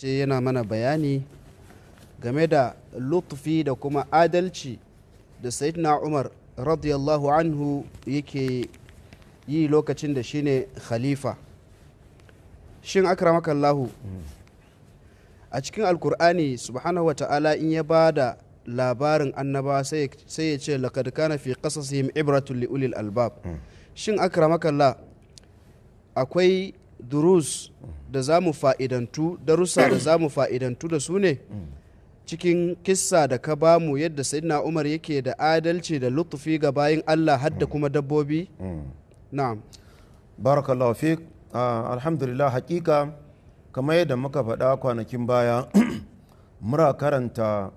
ce yana mana bayani game da lutfi da kuma adalci da sayyidina umar radiyallahu anhu yake yi lokacin da shine khalifa shin akramakallahu a cikin alkur'ani subhanahu wa ta'ala in ya ba da labarin annaba sai ya ce laqad kana fi qasasihim ibratun li ulil albab hmm. shin akramakallah akwai durus da za mu fa'idantu darussa da za mu fa'idantu da su ne cikin kissa da ka ba mu yadda sayyidina umar yake da adalci da lutufi ga bayan allah hadda kuma dabbobi na'am barakallahu fi ah, alhamdulillah hakika kamar yadda muka faɗa kwanakin baya mura karanta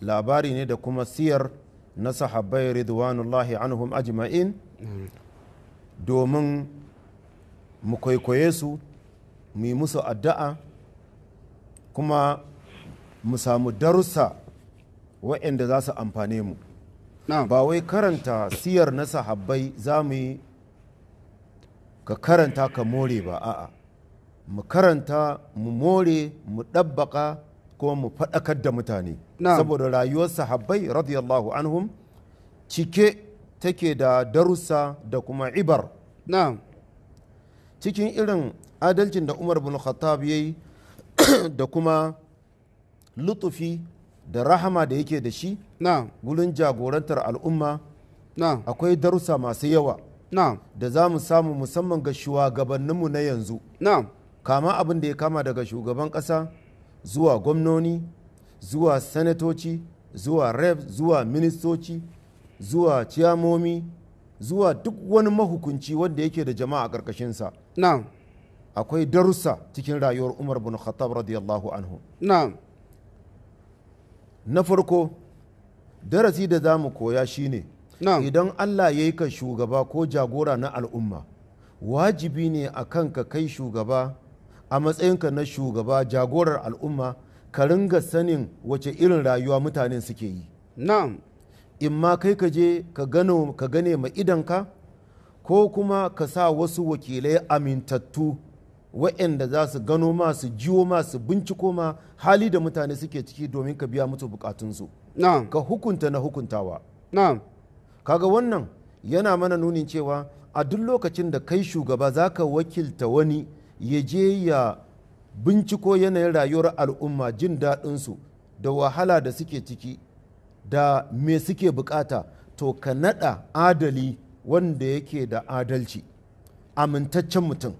labari ne da kuma siyar na sahabbai ridwanullahi anhum ajma'in domin mu kwaikwaye su mu yi musu addu'a kuma mu samu darussa waɗanda za su amfane mu ba wai karanta siyar na sahabbai za mu yi ka karanta ka more ba a'a mu karanta mu more mu ɗabbaƙa kuma mu faɗakar da mutane saboda rayuwar sahabbai radiyallahu anhum cike take da darussa da kuma ibar na'am cikin irin adalcin da umar bin khattab ya yi da kuma lutufi da rahama da yake da shi gurin jagorantar al'umma akwai darussa masu yawa da za mu samu musamman ga shugabanninmu na yanzu kama abin da ya kama daga shugaban ƙasa zuwa gwamnoni zuwa sanatoci zuwa rev zuwa ministoci zuwa ciyamomi zuwa duk wani mahukunci wanda yake da jama'a a ƙarƙashinsa na'am akwai darussa cikin rayuwar umar bin khattab radiyallahu anhu na'am na farko darasi da za mu koya shine idan allah ya yi ka shugaba ko jagora na al'umma wajibi ne a kan ka kai shugaba a matsayinka na shugaba jagorar al'umma ka ringa sanin wace irin rayuwa mutane suke yi na'am in ma kai ka je ka gane ma idanka ko kuma ka sa wasu wakilai amintattu waɗanda za su gano ma su jiwo ma su binciko ma hali da mutane suke ciki domin ka biya musu bukatunsu ka hukunta na hukuntawa kaga wannan yana mana nunin cewa a duk lokacin da kai shugaba za ka wakilta wani ya je ya binciko yanayin rayuwar al'umma jin daɗinsu da wahala da suke ciki da me suke bukata to ka nada adali wanda yake da adalci amintaccen mutum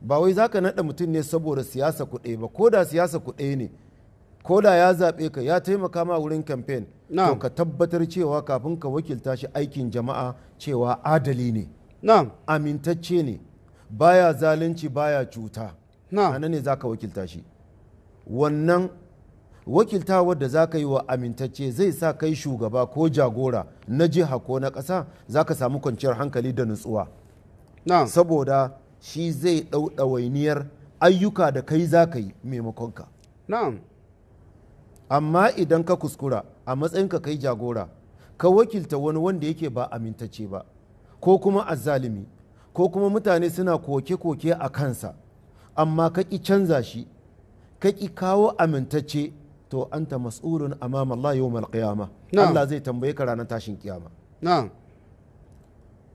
ba wai za ka nada mutum ne saboda siyasa kuɗe ba ko da siyasa kuɗe ne ko da ya zaɓe ka ya taimaka ma wurin kamfen to ka tabbatar cewa kafin ka wakilta shi aikin jama'a cewa adali ne amintacce ne baya zalunci baya cuta ne za ka wakilta shi wannan wakiltawar da za ka yi wa amintacce zai sa kai shugaba ko jagora na jiha ko na ƙasa za ka samu kwanciyar hankali da nutsuwa saboda shi zai ɗau ɗawainiyar ayyuka da kai za ka yi maimakon ka amma idan ka kuskura a matsayin ka kai jagora ka wakilta wani wanda yake ba amintacce ba ko kuma azzalimi ko kuma mutane suna koke-koke a kansa amma ka ƙi canza shi ka ƙi kawo amintacce to an anta mas'ulun amama Allah mal kiyama Allah zai tambaye ka ranar tashin kiyama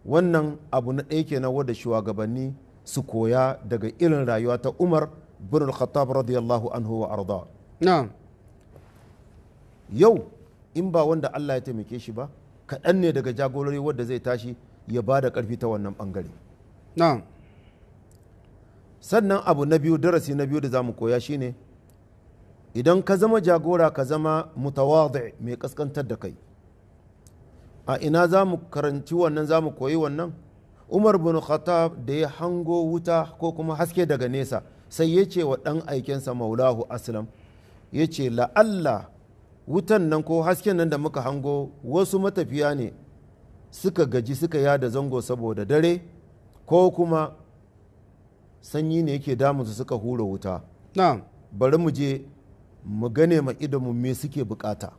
wannan abu na ɗaya kenan wanda shugabanni su koya daga irin rayuwa ta Umar bin al Khattab radiyallahu anhu wa arda yau in ba wanda Allah ya taimake shi ba kaɗan ne daga jagorori wanda zai tashi ya ba da ƙarfi ta wannan ɓangare sannan abu na biyu darasi na biyu da za mu koya shine idan ka zama jagora ka zama mutawadi mai kaskantar da kai a ina za mu karanci wannan za mu koyi wannan umar bin khattab da ya hango wuta ko kuma haske daga nesa sai ya ce wa ɗan aikinsa maulahu aslam ya ce la'alla wutan nan ko hasken nan da muka hango wasu matafiya ne suka gaji suka yada zango saboda dare ko kuma sanyi ne yake su suka hura wuta bari mu je mu gane ma idanmu me suke bukata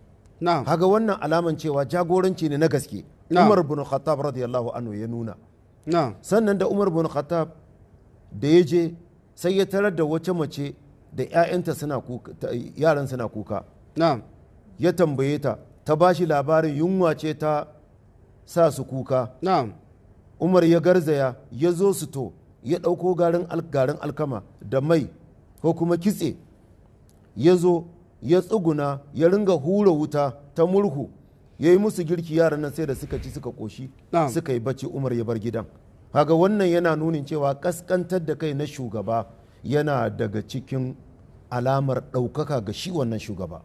haga wannan alaman cewa jagoranci ne na gaske umar bin khattab radiyallahu anhu ya nuna sannan da umar bin khattab da ya je sai ya tarar da wace mace da ƴaƴanta suna kuka yaran suna kuka ya tambaye ta ta ba labarin yunwa ce ta sa su kuka umar ya garzaya ya zo su to ya ɗauko garin alkama da mai ko kuma kitse ya zo ya tsuguna ya ringa hura wuta ta murhu ya yi musu girki yaran nan sai da suka ci suka koshi suka yi bacci umar ya bar gidan haga wannan yana nunin cewa kaskantar da kai na shugaba yana daga cikin alamar ɗaukaka ga shi wannan shugaba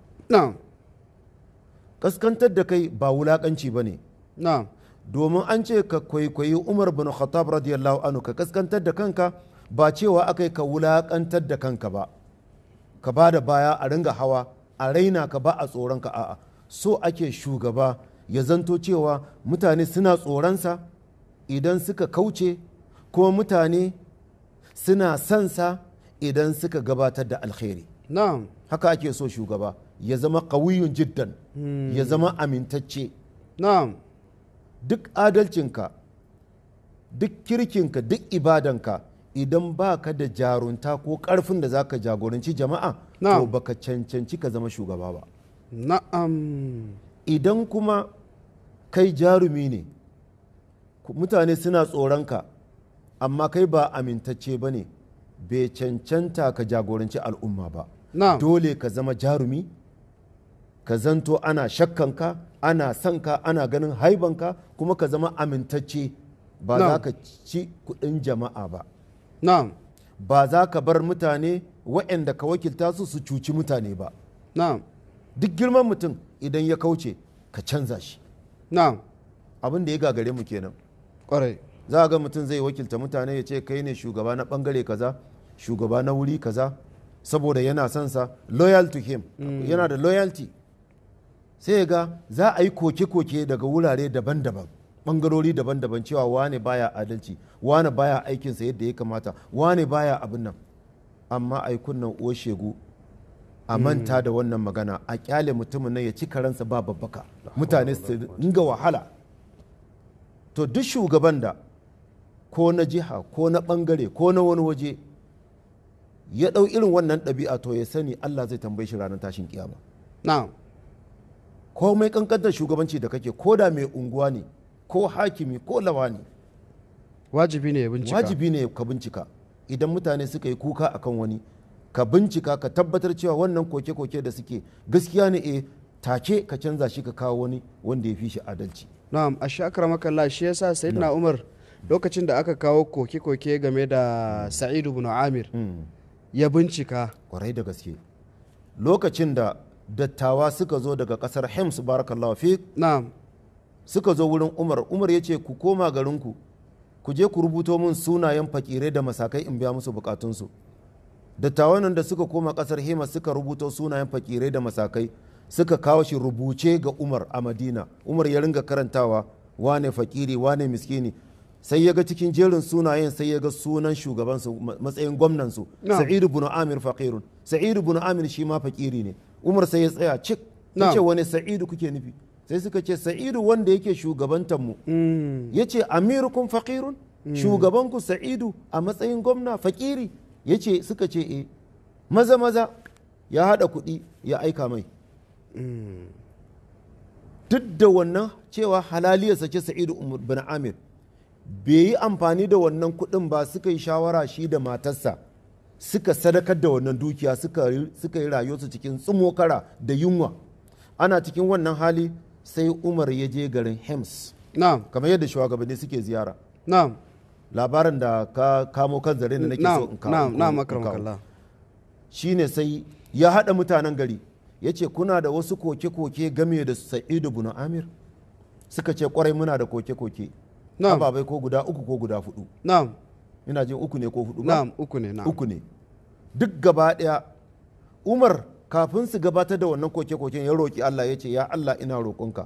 kaskantar da kai ba wulaƙanci ba ne domin an ce ka kwaikwayi umar bin khattab radiyallahu anhu ka kaskantar da kanka ba cewa aka yi ka wulaƙantar da kanka ba ka ba da baya a ringa hawa a raina ka ba a tsoron ka a'a so ake shugaba ya zanto cewa mutane suna tsoronsa idan suka kauce kuma mutane suna sansa idan suka gabatar da alkhairi na'am haka ake so shugaba ya zama kawiyun jiddan hmm. ya zama amintacce duk adalcinka duk kirkinka duk ibadanka idan ba ka da jarunta ko karfin da za ka jagoranci jama'a to baka cancanci ka zama shugaba ba na'am idan kuma kai jarumi ne mutane suna tsoronka amma kai ba amintacce ba ne bai cancanta ka jagoranci al'umma ba dole ka zama jarumi ka zanto ana shakkanka ana sanka ana ganin haibanka kuma ka zama amintacce ba za ka ci kudin jama'a ba na'am ba za ka bar mutane waɗanda ka wakilta su su cuci mutane ba na'am duk girman mutum idan ya kauce ka canza shi na'am abin da ya gagare mu kenan kwarai za a ga mutum zai wakilta mutane ya ce kai ne shugaba na bangare kaza shugaba na wuri kaza saboda yana son sa loyal to him mm. yana da loyalty sai ga za a yi koke-koke daga wurare daban-daban bangarori daban-daban cewa wane baya adalci wane baya aikinsa yadda ya kamata wane baya abin nan amma ai kunnan shegu a hmm. manta da wannan magana a kyale mutumin nan ya ci karansa ba babbaka mutane su ga wahala to duk shugaban da ko na jiha ko na bangare ko na wani waje ya ɗau irin wannan ɗabi'a to ya sani Allah zai tambaye shi ranar tashin kiyama na komai kankantar shugabanci da kake ko da mai unguwa ne ko hakimi ko lawani wajibi ne ya bincika wajibi ne ka bincika idan mutane suka yi kuka akan wani ka bincika ka tabbatar cewa wannan koke-koke da suke gaskiya ne e take ka canza shi ka kawo wani wanda ya fi shi adalci na'am a shi ya shi yasa na umar lokacin da aka kawo koke-koke game da Sa'idu bin amir hmm. ya bincika kwarai da gaske lokacin da dattawa suka zo daga kasar hems barakallahu fi na'am suka zo wurin umar umar ya ce ku koma garinku ku je ku rubuto min sunayen fakirai da masakai in biya musu bukatunsu dattawan da suka koma kasar hema suka rubuto sunayen fakirai da masakai suka kawo shi rubuce ga umar a madina umar ya ringa karantawa wane fakiri wane miskini sai ya ga cikin jerin sunayen sai ya ga sunan shugabansu matsayin gwamnansu sa'idu bin amir fakirun sa'idu bin amir shi ma fakiri ne umar sai ya tsaya cik ce wani sa'idu kuke nufi sai suka ce sa'idu wanda yake shugabantar mu mm. yace ce amirukun shugaban mm. shugabanku sa'idu a matsayin gwamna fakiri yace suka ce e maza maza ya hada kuɗi ya aika mai mm. duk da wannan cewa halaliyarsa ce sa'idu umm-, bin amir bai yi amfani da wannan kuɗin ba suka yi shawara shi da matarsa suka sadakar da wannan dukiya suka yi rayuwarsu cikin tsumokara da yunwa ana cikin wannan hali sai umar ya je garin hems na'am kamar yadda shugabanni suke ziyara na'am labarin da ka kamo kan zare da nake so in kawo na'am na'am Shi shine sai ya hada mutanen gari ya ce kuna da wasu koke-koke game da sa'idu bin amir suka ce kwarai muna da koke-koke na'am babai ko guda uku ko guda hudu na'am ina jin uku ne ko hudu na'am uku ne na'am uku ne duk gaba daya umar kafin su gabatar da wannan koke-koken ya roƙi Allah ya ce ya Allah ina roƙonka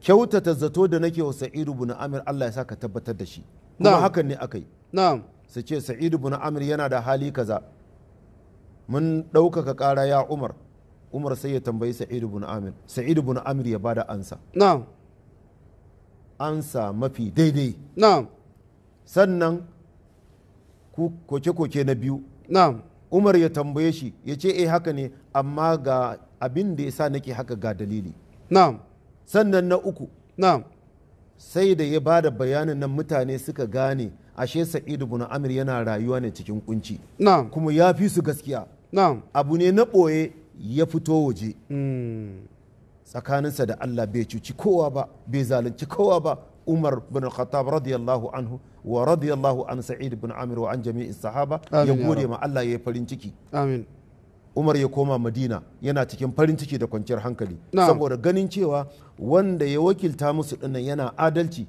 kyautata zato da nake wa sa'idu bin amir Allah ya sa ka tabbatar da shi kuma hakan ne akai na'am su ce sa'idu bin amir yana da hali kaza mun ɗaukaka ƙara ya umar umar sai ya tambayi sa'idu bin amir sa'idu bin amir ya bada ansa na'am ansa mafi daidai na'am sannan koke-koke na biyu na'am umar ya tambaye shi ya ce eh haka ne amma ga abin da ya sa nake haka ga dalili na'am sannan na uku na'am sai da ya bada bayanin nan mutane suka gane ashe sa'idu bin amir yana rayuwa ne cikin kunci na'am kuma ya fi su gaskiya na'am abu ne na ɓoye ya fito waje hmm. tsakaninsa da allah bai cuci kowa ba bai zalunci kowa ba umar bin khattab radiyallahu anhu wa radiyallahu an sa'id ibn amir wa an jami'in sahaba ya gode ma Allah ya farin ciki amin umar ya koma madina yana cikin farin ciki da kwanciyar hankali saboda ganin cewa wanda ya wakilta musu dinnan yana adalci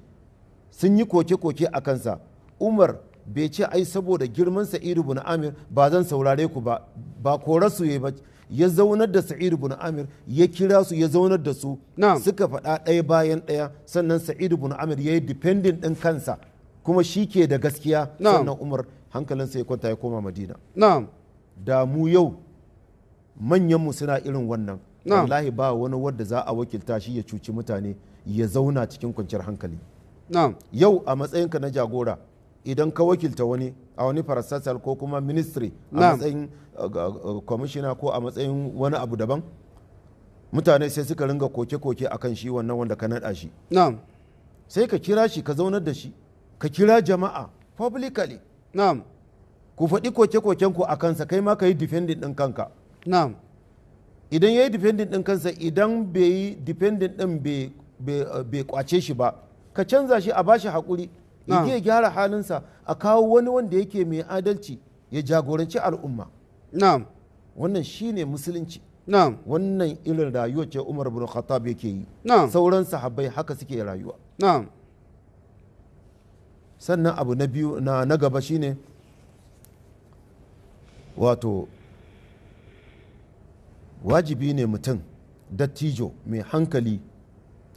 sun yi koke-koke a kansa umar bai ce ai saboda girman sa'idu bin amir ba zan saurare ku ba ba korarsu ya ba ya zaunar da sa'id bin amir ya kira su ya zaunar da su suka faɗa ɗaya bayan ɗaya sannan sa'idu bin amir ya yi dependent ɗin kansa kuma shi ke da gaskiya sannan umar hankalinsa ya kwanta ya koma madina da mu yau manyanmu suna irin wannan wallahi ba wani wadda za a wakilta shi ya cuci mutane ya zauna cikin kwanciyar hankali yau a matsayinka na jagora idan ka wakilta wani a wani farasasar ko kuma ministry a matsayin kwamishina uh, uh, uh, ko a matsayin wani abu daban mutane sai suka ringa koke-koke akan shi wannan wanda ka naɗa shi sai ka kira shi ka zaunar da shi ka kira jama'a publicly na'am ku faɗi koke-koken ku a kansa kai ma ka yi defending ɗin kanka na'am idan ya yi defending ɗin kansa idan bai yi defending ɗin bai uh, kwace shi ba ka canza shi a bashi haƙuri ya gyara halinsa a kawo wani wanda yake mai adalci ya jagoranci al'umma na'am wannan shine musulunci na'am wannan irin rayuwar ce Umar bin Khattab yake yi na'am sauran sahabbai haka suke rayuwa na'am sannan abu na biyu na na gaba shine wato wajibi ne mutum dattijo mai hankali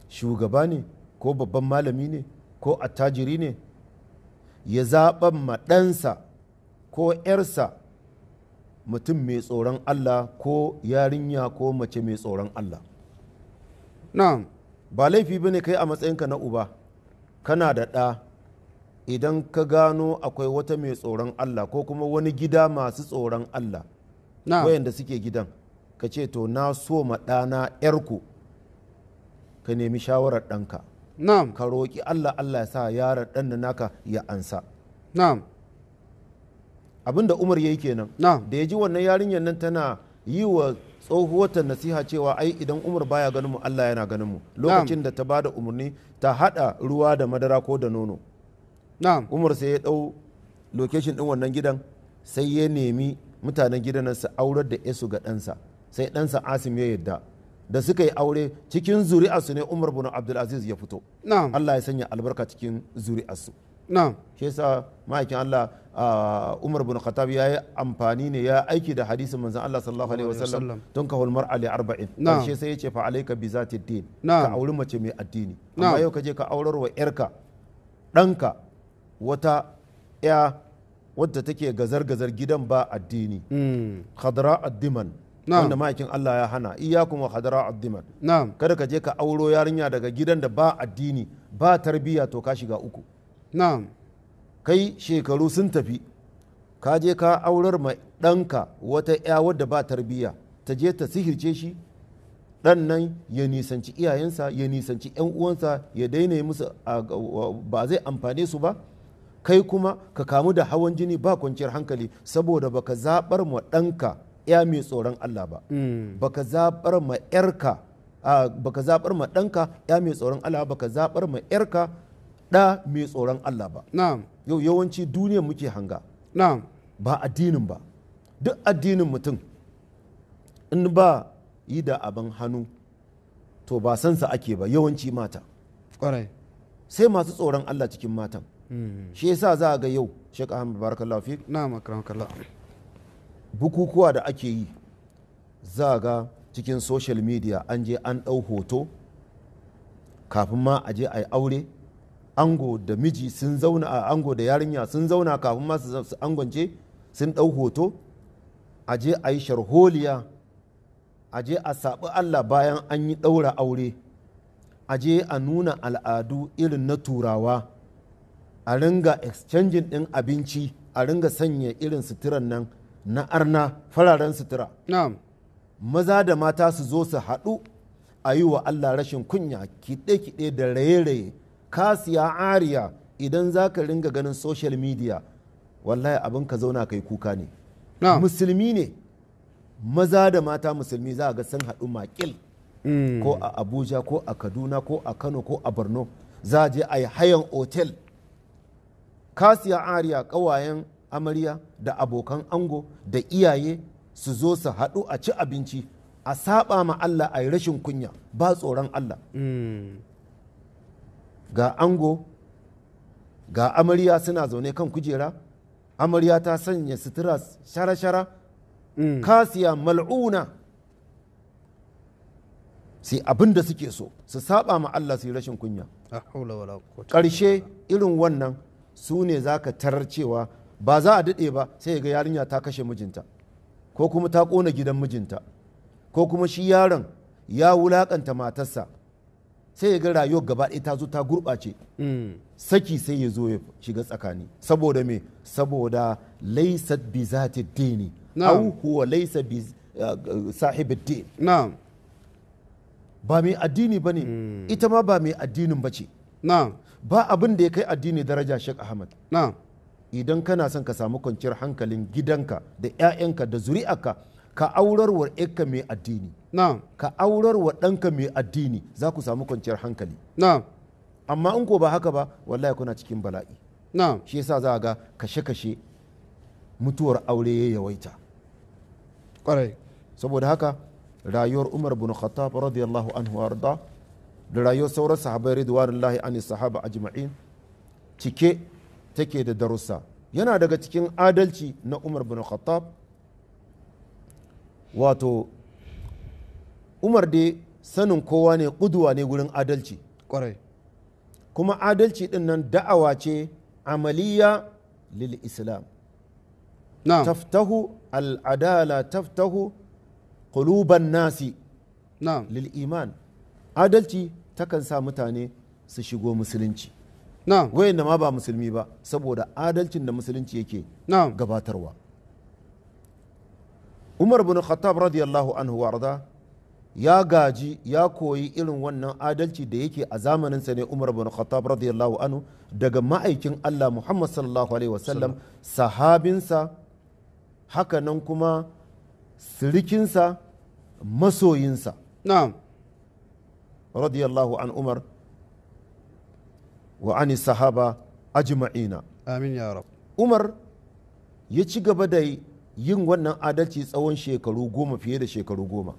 shugaba ne ko babban malami ne ko attajiri ne ya zaɓa maɗansa ko 'yarsa mutum mai tsoron allah ko yarinya ko mace mai tsoron allah na ba laifi ba kai a matsayinka na uba kana da ɗa idan ka gano akwai wata mai tsoron Allah ko kuma wani gida masu tsoron Allah wayanda suke gidan ka ce to na so ma ɗana yarku ka nemi shawarar ɗanka ka roƙi Allah Allah ya sa yaran ɗan da naka ya ansa abin da umar ya yi kenan da ya ji wannan yarinyar nan tana yi wa tsohuwar nasiha cewa ai idan umar baya ganin mu Allah yana ganin mu lokacin da ta bada umarni ta haɗa ruwa da madara ko da nono umar sai ya dau location din wannan gidan sai ya nemi mutanen gidan su aurar da isu ga ɗansa sai ɗansa asim ya yadda da suka yi aure cikin zuri'arsu ne umar bin abdulaziz ya fito allah ya sanya albarka cikin zuri'arsu na'am shi yasa ma'aikin Allah Umar bin Khattab ya yi amfani ne ya aiki da hadisin manzon Allah sallallahu alaihi wasallam tun ka hulmar ali 40 karshe sai yace fa alayka bi zati din ka auri mace mai addini amma yau ka je ka aurar wa yarka danka wata ya wadda take gazar-gazar gidan ba addini hmm. khadra addiman wanda ma'aikin Allah ya hana iya wa khadra addiman kada ka je ka auro yarinya daga gidan da ba addini ba tarbiyya to ka shiga uku kai shekaru sun tafi ka je ka aurar ma ɗanka wata ya wadda ba tarbiyya ta je ta sihirce shi ɗan nan ya nisanci iyayensa ya nisanci 'yan uwansa ya daina musu ba zai amfane su ba kai kuma ka kamu da hawan jini ba kwanciyar hankali saboda baka zabar mm. ma ɗanka ya mai tsoron Allah ba baka zabar ma yarka baka zabar ma ɗanka ya mai tsoron Allah baka zabar ma yarka ɗa mai tsoron Allah ba yau yawanci duniya muke hanga ba addinin ba duk addinin mutum in ba yi da abin hannu to ba sansa ake ba yawanci mata sai masu tsoron Allah cikin matan Hmm. shi yasa za a ga yau Ahmad barakallahu fi bukukuwa da ake yi za a ga cikin social media an je an ɗau hoto kafin ma a je a yi aure ango da miji sun zauna a ango da yarinya sun zauna kafin ma su angonce sun ɗau hoto a je a yi sharholiya a je a saɓi allah bayan an yi ɗaura aure a je a nuna al'adu irin na turawa a ringa exchanging din abinci a ringa sanya irin suturan nan na arna fararen sutura maza da mata su zo su haɗu a yi wa allah rashin kunya kiɗe-kiɗe da raye-raye kasiya ariya idan za ka ringa ganin social media wallahi abin ka zauna kai kuka ne musulmi ne maza da mata musulmi za a ga sun haɗu makil mm. ko a abuja ko a kaduna ko a kano ko a borno za a je a yi hayan otel kasiya ariya ƙawayen amarya da abokan ango da iyaye su zo su haɗu a ci abinci a saba ma Allah a rashin kunya ba tsoron Allah mm. ga ango ga amarya suna zaune kan kujera amarya ta sanya sutura shara-shara mm. kasiya mal'una sai abin da suke so su saba ma Allah su yi rashin kunya ƙarshe irin wannan su ne za ka tarar cewa ba za a daɗe ba sai ga yarinya ta kashe mijinta ko kuma ta ƙona gidan mijinta ko kuma shi yaron ya wulaƙanta matarsa sai ga rayuwar gaba ɗaya ta zo ta gurɓace mm. saki sai ya zo ya shiga tsakani saboda me saboda laisat bi ta dini au huwa laisa bi uh, uh, sahibi din ba mai addini ba ne mm. ita ma ba mai addinin ce. na'am ba abin da ya kai addini daraja Sheikh Ahmad na'am idan kana son ka samu kwanciyar hankalin gidanka da 'ya'yanka da zuri'arka ka aurar wa ɗanka mai addini na'am ka aurar ɗanka mai addini za ku samu kwanciyar hankali na'am amma in ko ba haka ba wallahi kuna cikin bala'i na'am shi yasa za ga kashe-kashe mutuwar aure ya yawaita kwarai saboda haka rayuwar umar bin khattab radiyallahu anhu arda da rayuwar sauran sahabai ridwanullahi an sahaba ajma'in cike take da darussa yana daga cikin adalci na umar bin khattab wato umar dai sanin kowa ne kuduwa ne gurin adalci kwarai kuma adalci din nan da'awa ce amaliya lil islam نعم al'adala taftahu تفتح nasi. الناس نعم iman. adalci takan sa mutane su shigo musulunci Wayan da ma ba musulmi ba saboda adalcin da musulunci yake gabatarwa umar bin khattab radiyallahu anhu warda ya gaji ya koyi irin wannan adalci da yake a zamaninsa ne umar bin khattab radiyallahu anhu daga ma'aikin allah muhammad sallallahu alaihi wasallam sahabinsa hakanan kuma sirikinsa masoyinsa na'am رضي الله عن عمر وعن الصحابة أجمعين آمين يا رب عمر يجي بدأي yin wannan adalci tsawon shekaru goma fiye da shekaru goma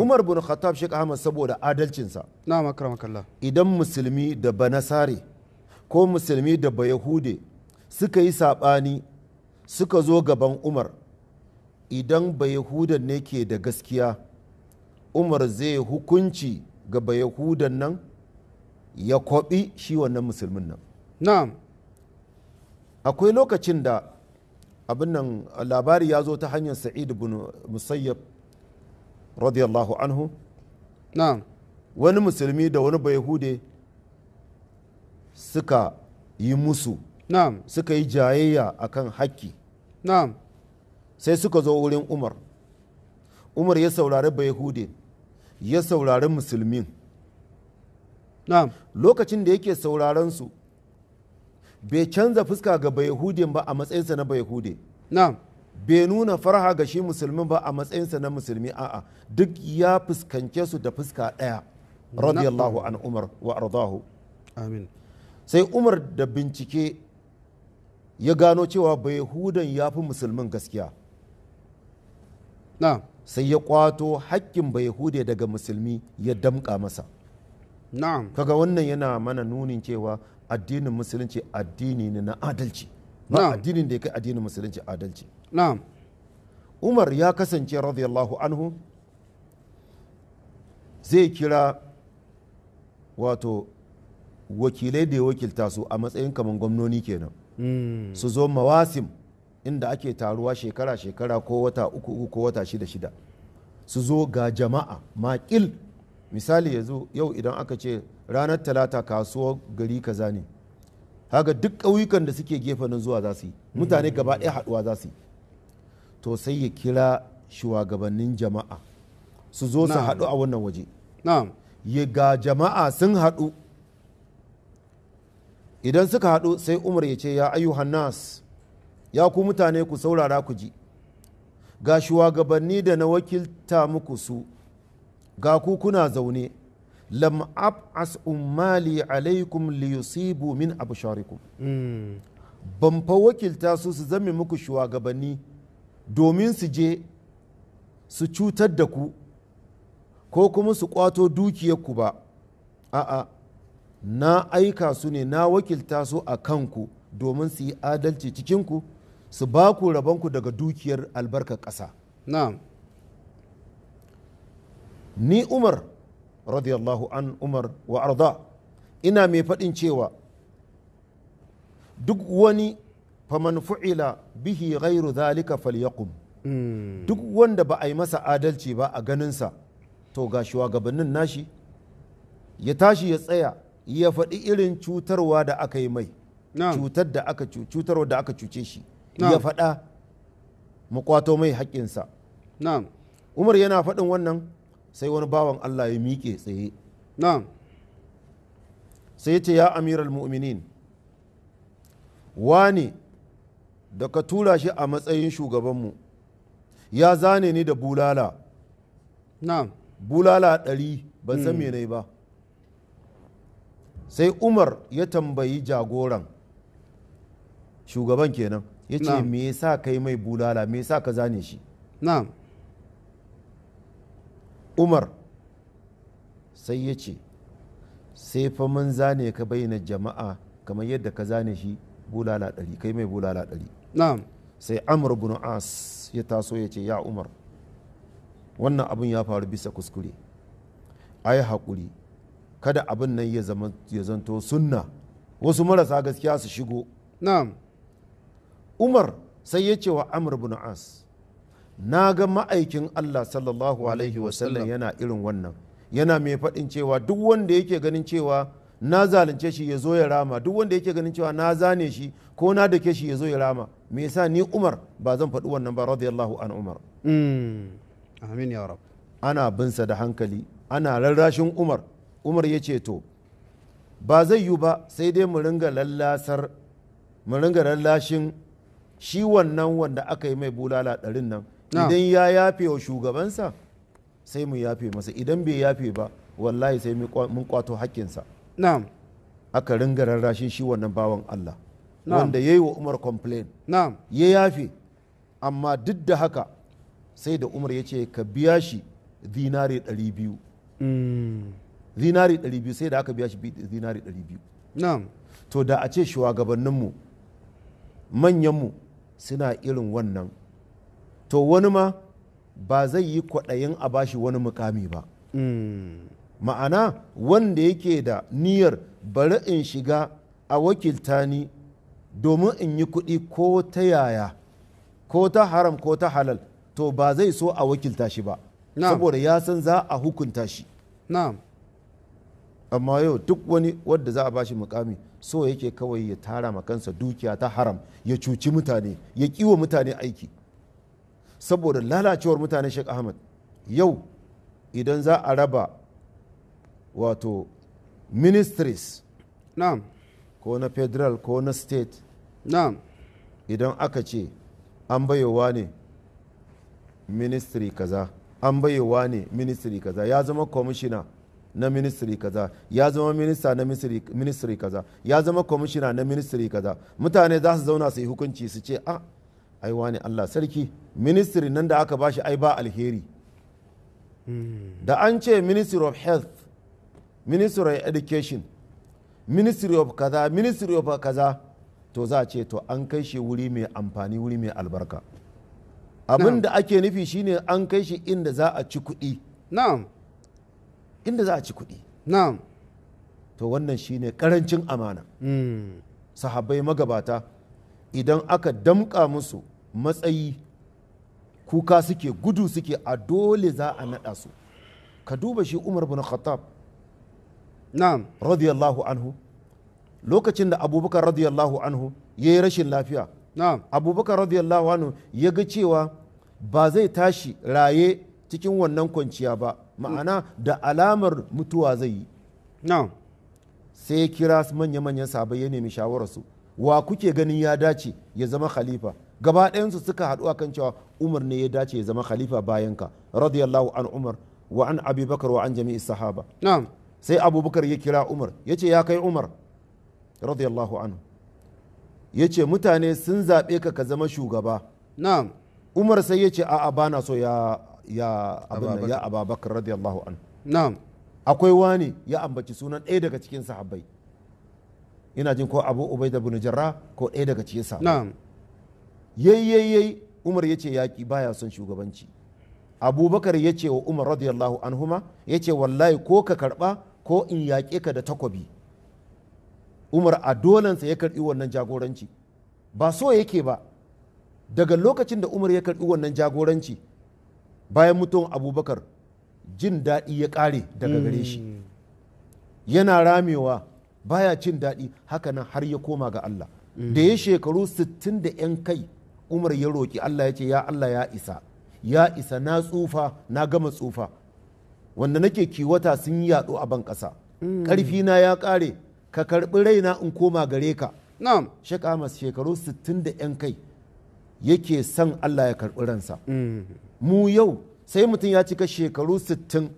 umar bin khattab shek ahmad saboda adalcinsa idan musulmi da banasare ko musulmi da bayahude suka yi saɓani suka zo gaban umar idan bayahudan ne ke da gaskiya umar zai hukunci ga bayahudan nan ya kwaɓi shi wannan musulmin nan na'am akwai lokacin da abin nan labari ya zo ta hanyar sa'id bin musayyab radiyallahu anhu na'am wani musulmi da wani bayahude suka yi musu na'am suka yi jayayya akan haƙƙi na'am sai suka zo wurin umar umar ya saurari bayahudin ya saurari musulmin lokacin da yake sauraron su bai canza fuska ga bayahudin ba a matsayinsa na bayahude bai nuna farha ga shi musulmin ba a matsayinsa na musulmi a'a duk ya fuskance su da fuska ɗaya radiyallahu an umar wa ardahu amin sai umar da bincike ya gano cewa bayahudan ya fi musulmin gaskiya sai ya kwato hakkin bayahude daga musulmi ya damƙa masa na'am kaga wannan yana mana nunin cewa addinin musulunci addini ne na adalci ba addinin da ya kai addinin musulunci adalci na'am umar ya kasance radiyallahu anhu zai kira wato wakilai da ya wakilta su a matsayin kamar gwamnoni kenan hmm. su zo mawasim inda ake taruwa shekara-shekara ko wata uku uku ko wata shida shida su zo ga jama'a makil misali ya yau idan aka ce ranar talata kasuwar gari kaza ne haka duk ƙauyukan da suke gefen zuwa za su yi mutane gaba ɗaya haɗuwa za su yi to sai ya kira shugabannin jama'a su zo su haɗu a wannan waje ya ga jama'a sun haɗu idan suka haɗu sai umar ya ce ya ayyuhan nas ya ku mutane ku saurara ku ji ga shugabanni da na wakilta muku su ga ku kuna zaune lam as ummali alaikum li yusibu min abu mm. ban fa wakilta su su zame muku shugabanni domin su je su cutar da ku ko kuma su kwato dukiyarku ba a'a na aika su ne na wakilta su a kanku domin su yi adalci cikinku su ba ku rabonku daga dukiyar albarkar ƙasa na'am ni umar radiyallahu an umar wa arda ina mai faɗin cewa duk wani faman fu'ila bihi ghairu zalika falyakum hmm. duk wanda ba a yi masa adalci ba a ganinsa to ga shugabannin nashi ya tashi ya tsaya ya faɗi irin cutarwa da aka yi mai cutar da aka cuce shi ya faɗa mu kwato mai haƙƙinsa umar yana faɗin wannan sai wani bawan allah ya miƙe tsaye sai ce ya amiral mu'minin wani da ka tura shi a matsayin shugabanmu ya zane ni da bulala bulala ɗari ban san hmm. menai ba sai umar ya tambayi jagoran shugaban kenan ya ce me yasa ka yi mai bulala me yasa ka zane shi na'am umar sai ya ce sai fa mun zane ka bayyana jama'a kamar yadda ka zane shi bulala ɗari kai mai bulala ɗari na'am sai amur bin as ya taso ya ce ya umar wannan abin ya faru bisa kuskure a yi haƙuri kada abin nan ya zanto sunna wasu marasa gaskiya su shigo na'am umar sai ya ce wa amr bin as na ga ma'aikin allah sallallahu alaihi wasallam yana irin wannan yana mai faɗin cewa duk wanda yake ganin cewa na zalunce shi ya zo ya rama duk wanda yake ganin cewa na zane shi ko na da ke shi ya zo ya rama me yasa ni umar ba zan faɗi wannan ba radiyallahu an umar mm. amin ya rab ana binsa da hankali ana rarrashin umar umar ya ce to ba zai yi ba sai dai mu ringa lallasar mu ringa lallashin shi wannan wanda aka yi mai bulala ɗarin nan idan ya yafe wa shugabansa sai mu yafe masa idan bai yafe ba wallahi sai mun kwato hakkinsa na'am aka ringa rarrashin shi wannan bawan Allah wanda ya yi wa Umar complain na'am ya yafe amma duk da haka sai da Umar ya ce ka biya shi dinari 200 dinari 200 sai da aka biya shi dinari 200 na'am to da a ce shugabanninmu manyanmu suna irin wannan to wani ma ba zai yi kwaɗayin a bashi wani mukami ba ma'ana wanda yake da niyyar bari in shiga a wakilta ni domin in yi kuɗi ko ta yaya ko ta haram ko ta halal to ba zai so a wakilta shi ba saboda ya san za a hukunta shi amma yau duk wani wadda za a bashi mukami so yake kawai ya tara ma kansa dukiya ta haram ya cuci mutane ya kiwa mutane aiki saboda lalacewar mutane sheik Ahmad yau idan za a raba wato ministries na'am ko na federal ko na state na'am idan aka ce an bayowa ne ministry kaza an bayowa ne ministry kaza ya zama commissioner na ministry kaza ya zama minista na ministry kaza ya zama kwamishina na ministry kaza mutane za su zauna su yi hukunci su ce a ah, ai wani allah sarki ministry nan da aka bashi ai ba alheri da an ce ministry of health ministry of education ministry of kaza ministry of kaza to za a ce to an kai shi wuri mai amfani wuri mai albarka abin da ake nufi shine an kai shi inda za a ci kuɗi na'am inda za a ci kuɗi na'am to wannan shine karancin amana Sahabai hmm. sahabbai magabata idan aka damƙa musu matsayi kuka suke gudu suke a dole za a naɗa su ka duba shi umar bin khattab na'am radiyallahu anhu lokacin da abubakar radiyallahu anhu ya yi rashin lafiya na'am abubakar radiyallahu anhu ya ga cewa ba zai tashi raye cikin wannan kwanciya ba ma'ana da alamar mutuwa zai yi sai kira manya-manyan sabai ya nemi shawararsu wa kuke ganin ya dace ya zama khalifa gaba ɗayansu suka haɗu a kan cewa umar ne ya dace ya zama khalifa bayan ka radiyallahu an umar wa an abubakar wa an jami'i sahaba sai abubakar ya kira umar ya ce ya kai umar radiyallahu an ya ce mutane sun zaɓe ka ka zama shugaba umar sai ya ce a'a bana so ya ya abin ya ababakar radiyallahu an na'am akwai wani ya ambaci sunan ɗaya daga cikin sahabbai ina jin ko abu ubai da bin ko ɗaya daga cikin sahabbai na'am yayyayyai umar ya ce yaƙi baya son shugabanci abubakar ya ce wa umar radiyallahu huma ya ce wallahi ko ka karɓa ko in yaƙe ka da takobi umar a dolansa ya karɓi wannan jagoranci ba so yake ba daga lokacin da umar ya karɓi wannan jagoranci bayan mutum abubakar jin daɗi ya ƙare daga gare shi yana ramewa baya cin daɗi hakanan har ya koma ga Allah da ya shekaru 60 da 'yan kai umar ya roƙi Allah ya ce ya Allah ya isa ya isa na tsufa na gama tsufa wanda nake kiwata sun yi yaɗo a ban ƙasa na ya ƙare ka karɓi raina in koma gare ka shekaru 60 da 'yan kai yake son Allah ya karɓi ransa mm. mu yau sai mutum ya cika shekaru 60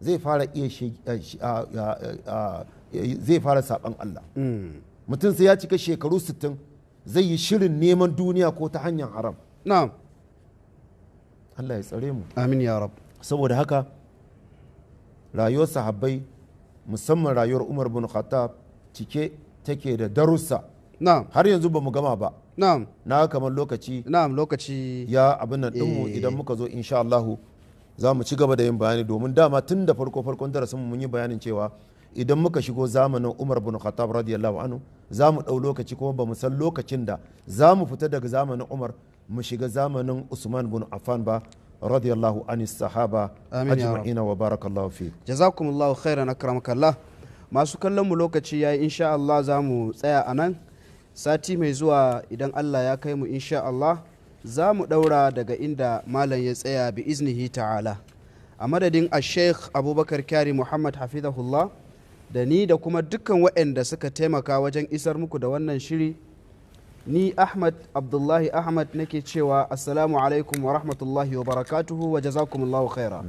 zai fara iya eh, ah, eh, ah, zai fara Allah hmm. mutum sai ya cika shekaru 60 zai yi shirin neman duniya ko ta hanyar haram na'am Allah ya tsare mu amin ya rab saboda haka rayuwar sahabbai musamman rayuwar Umar bin Khattab cike take da darussa na'am har yanzu ba mu gama ba na'am na kamar lokaci na'am lokaci ya abin nan dinmu eh. idan muka zo insha Allah za mu ci gaba da yin bayani domin dama tun da farko farkon darasin mun yi bayanin cewa idan muka shigo zamanin Umar bin Khattab radiyallahu anhu za mu dau lokaci kuma ba mu san lokacin da za mu fita daga zamanin Umar mu shiga zamanin Usman bin Affan ba radiyallahu anhu sahaba ajma'ina wa barakallahu fi jazakumullahu khairan akramakallah masu kallon mu lokaci yayi insha Allah za mu tsaya anan sati mai zuwa idan allah ya kai mu insha allah za mu ɗaura daga inda malam ya tsaya bi iznihi ta'ala a madadin a sheikh abubakar kyari muhammad hafizahullah da ni da kuma dukkan waɗanda suka taimaka wajen isar muku da wannan shiri ni ahmad abdullahi ahmad nake cewa assalamu alaikum wa rahmatullahi wa barakatuhu wa jazakumullahu khaira